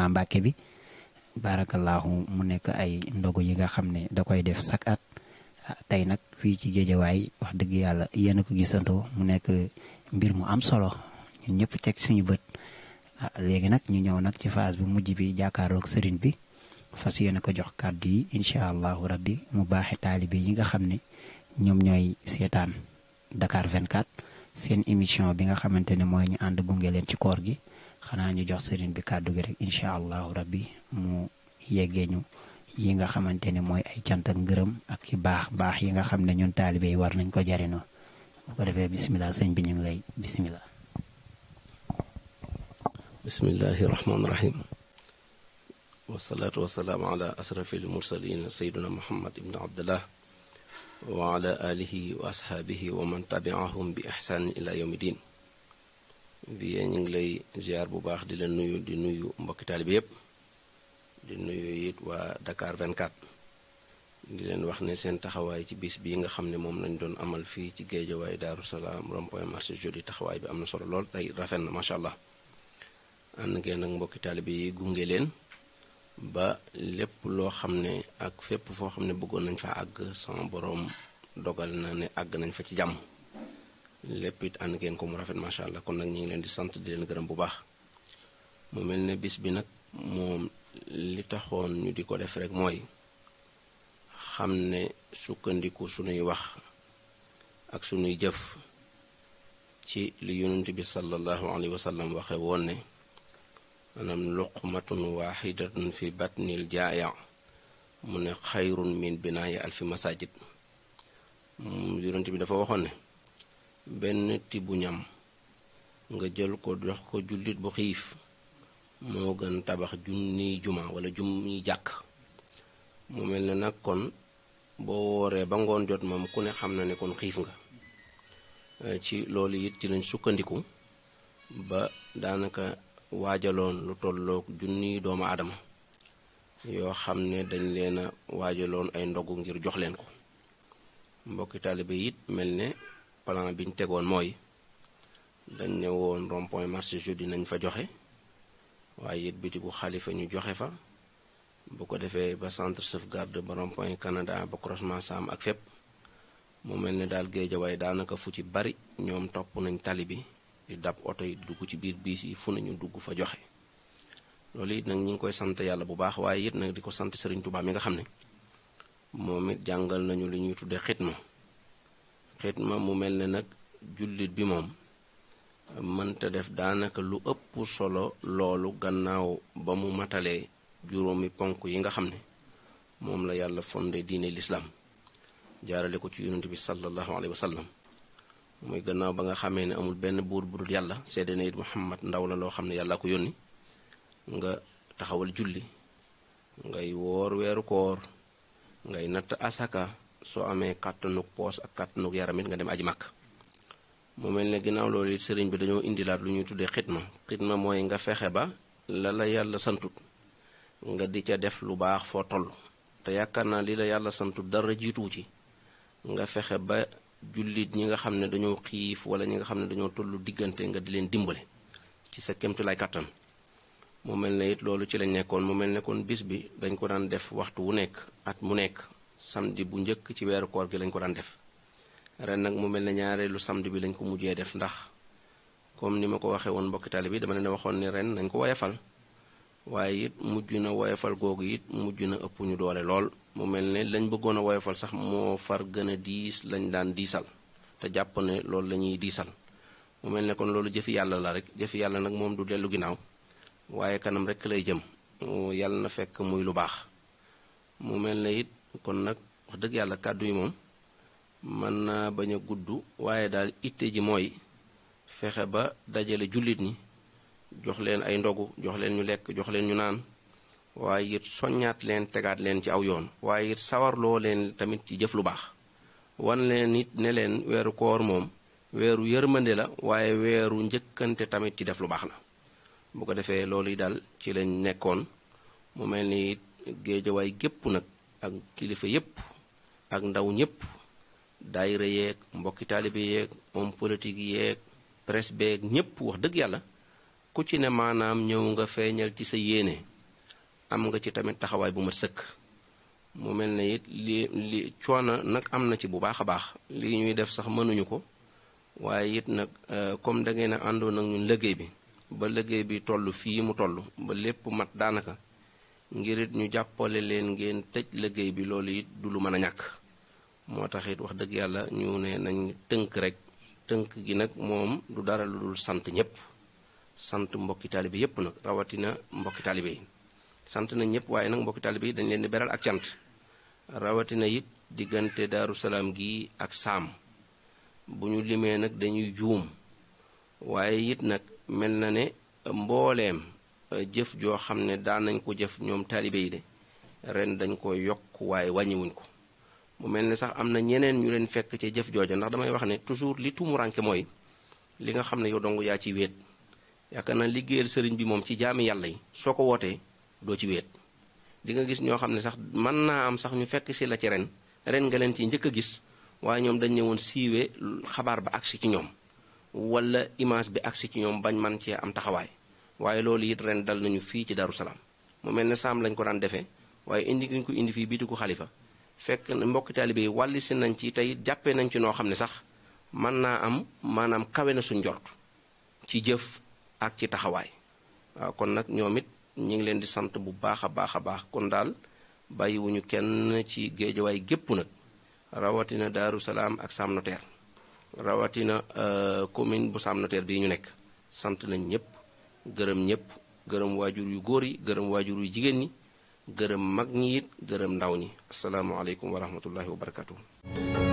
Soxna Mbàkke bi barakallahu mu nekk ay ndogu yi nga xam ne da koy def sak at ah, tey nag fii ci géejawaay wax dëgg yàlla yéen a ko gisantoo mu nekk mbir mu am solo ñun ñëpp teg suñu bët ah, léegi nag ñu ñëw nag ci phase bu mujj bi jàkkaarloog sëriñ bi fas yéene ko jox kàddu yi incha allahu rabbi mu baaxe taalibe yi nga xam ne ñoom ñooy Dakar 24 seen émission bi nga xamante ne mooy ñu ànd gunge leen ci koor gi xanaa ñu jox sëriñ bi kàddu gi rek incha allahu rabbi mu yeggee yi nga xamante ne mooy ay cant ak ngërëm ak i baax baax yi nga xam ne ñun taalibe war nañ ko jariñoo bu ko defee bisimilah sëñ bi ñu ngi lay bisimilah. bismillahi rahmaani rahim. wasalaatu wasalaamu ala asrafil mursalin bi ihsan ila yawmi din biyee ñu ngi lay ziar bu baax di la nuyu di nuyu mbokki taalibe yépp di nuyu it waa Dakar 24 di leen wax ne seen taxawaay ci biis bi nga xam ne moom lañ doon amal fii ci géejawaay Daaru Salaam rond-point marché jeudi taxawaay bi am na solo lool tey rafet na macha allah ànd ngeen ak mbokki taalibe yi gunge leen ba lépp loo xam ne ak fépp foo xam ne bëggoon nañ fa àgg sama boroom dogal na ne àgg nañ fa ci jàmm lépp it ànd ngeen ko mu rafet macha allah kon nag ñu ngi leen di sant di leen gërëm bu baax mu mel ne bis bi nag moom li taxoon ñu di ko def rek mooy xam ne sukkandiku sunuy wax ak sunuy jëf ci li yonent bi sallallahu alayhi wa sallam waxe woon ne maanaam luqmatun waxidatun fi batnil jaaya mu ne xayrun min binaayi alfi masajid yonent bi dafa waxoon ne benn tibu ñam nga jël ko jox ko jullit bu xiif moo gën tabax junniy juma wala junniy jàkk mu mel ne nag kon boo wooree ba ngoon jot moom ku ne xam na ne kon xiif nga euh, ci loolu it ci lañ sukkandiku ba daanaka waajaloon lu tollook junniy doomu aadama yoo xam ne dañ leen a waajaloon ay ndogu ngir jox leen ko mbokki taalibe it mel ne plan bi ñu tegoon mooy dañ ne woon rond point marché nañ fa joxe waaye it bitigu xalifa ñu joxe fa bu ko defee ba centre sauvegarde ba rond point Canada ba croisement Sam ak fépp moo mel ne daal waaye daanaka fu ci bari ñoom topp nañ tali bi di dab oto yi dugg ci biir biis yi fu nañu dugg fa joxe loolu it nag ñi ngi koy sant yàlla bu baax waaye it nag di ko sant Serigne Touba mi nga xam ne moom it jàngal nañu li ñuy tuddee xitma ma mu mel ne nag jullit bi moom mënta def daanaka lu ëpp solo loolu gannaaw ba mu matalee juróomi ponk yi nga xam ne moom la yàlla fonde diine lislaam jaarale ko ci yonent bi sallallahu alayhi wa sallam mooy gannaaw ba nga xamee ne amul benn buur bu dul yàlla sedd na it Muhammad ndaw la loo xam ne yàlla ko yónni nga taxawal julli ngay woor weeru koor ngay natt asaka soo amee kàttanug poos ak kàttanug yaram it nga dem aji màkk mu mel ne ginnaaw loolu it sëriñ bi dañoo indilaat lu ñuy tuddee xitma ma mooy nga fexe ba la la yàlla santut nga di ca def lu baax foo toll te yaakaar naa li la yàlla santut dara jiituwu ci nga fexe ba jullit ñi nga xam ne dañoo xiif wala ñi nga xam ne dañoo tollu diggante nga di leen dimbale ci sa kémtu lay kàttan mu mel ne it loolu ci lañ nekkoon mu mel nekkoon bis bi dañ ko daan def waxtu wu nekk at mu nekk samedi bu njëkk ci weeru koor gi lañ ko daan def ren nag mu mel ne ñaareelu samdi bi lañ ko mujjee def ndax comme ni ma ko waxee woon mbokki taalibe bi dama leen waxoon ni ren nañ ko woyafal waaye it mujj na woyafal googu it mujj na ëpp ñu doole lool mu mel ne lañ bëggoon a woyafal sax moo far gën a diis lañ daan diisal te jàpp ne loolu la ñuy diisal mu mel ne kon loolu jëfi yàlla la rek jëfi yàlla nag moom du dellu ginnaaw waaye kanam rek lay jëm yàlla na muy lu baax mu mel kon nag wax dëgg yàlla kàddu yi moom mën na bañ a gudd waaye daal itte ji mooy fexe ba dajale jullit ñi jox leen ay ndogu jox leen ñu lekk jox leen ñu naan waaye it soññaat leen tegaat leen ci aw yoon waaye it sawarloo leen tamit ci jëf lu baax wan leen it ne leen weeru koor moom weeru yërmande la waaye weeru njëkkante tamit ci def lu baax la bu ko defee loolu yi daal ci lañ nekkoon mu mel ni géejawaay gépp nag ak kilifa yépp ak ndaw ñépp daayira yeeg mbokki taalibe yeeg homme politique yeeg presse beeg ñépp wax dëgg yàlla ku ci ne maanaam ñëw nga feeñal ci sa yéene am nga ci tamit taxawaay bu ma sëkk mu mel ne it li li coono nag am na ci bu baax a baax lii ñuy def sax mënuñu ko waaye it nag euh, comme da ngeen a àndoon ak ñun liggéey bi ba liggéey bi toll fii mu toll ba lépp mat daanaka ngir it ñu jàppale leen ngeen tëj liggéey bi loolu it du lu mën a ñàkk moo taxit wax dëgg yàlla ñu ne nañ tënk rek tënk gi nag moom du dara lu dul sant ñëpp sant mbokki taalibe yépp nag rawatina mbokki taalibe yi sant na ñëpp waaye nag mbokki taalibe yi dañ leen di beral ak cant rawatina it diggante daaru salaam gi ak saam bu ñu limee nag dañuy juum waaye it nag mel na ne mbooleem jëf joo xam ne daan nañ ko jëf ñoom taalibe yi de ren dañ ko yokk waaye wàññiwuñ ko mu mel ne sax am na ñeneen ñu leen fekk ca jëf jooja ndax damay wax ne toujours li tumuranke mooy li nga xam ne yow dong yaa ci wéet yaakaar na liggéeyal sëriñ bi moom ci jaami yàlla yi soo ko wootee doo ci weet di nga gis ñoo xam ne sax mën naa am sax ñu fekk si la ci ren ren nga leen ci njëkk a gis waaye ñoom dañ woon siiwee xabaar ba agsi ci ñoom wala image bi agsi ci ñoom bañ man cee am taxawaay waaye loolu it ren dal nañu fii ci Darou Salaam mu mel ne saam lañ ko daan defee waaye indi guñ ko indi fii biitu ko xalifa fekk mbokki taalibe yi wàllisi nañ ci tey jàppee nañ ci noo xam ne sax man naa am maanaam kawe na suñ njort ci jëf ak ci taxawaay waaw kon nag ñoom it ñu ngi leen di sant bu baax a baax a baax kon daal bàyyiwuñu kenn ci géejawaay gépp nag rawatina Darou Salaam ak Sam Notaire rawatina euh, commune bu Sam Notaire bii ñu nekk sant nañ ñëpp. gërëm ñëpp gërëm waajur yu góor yi gërëm waajur yu jigéen ñi gërëm mag ñi gërëm ndaw ñi asalaamaaleykum wa rahmatullahi wa barakatuh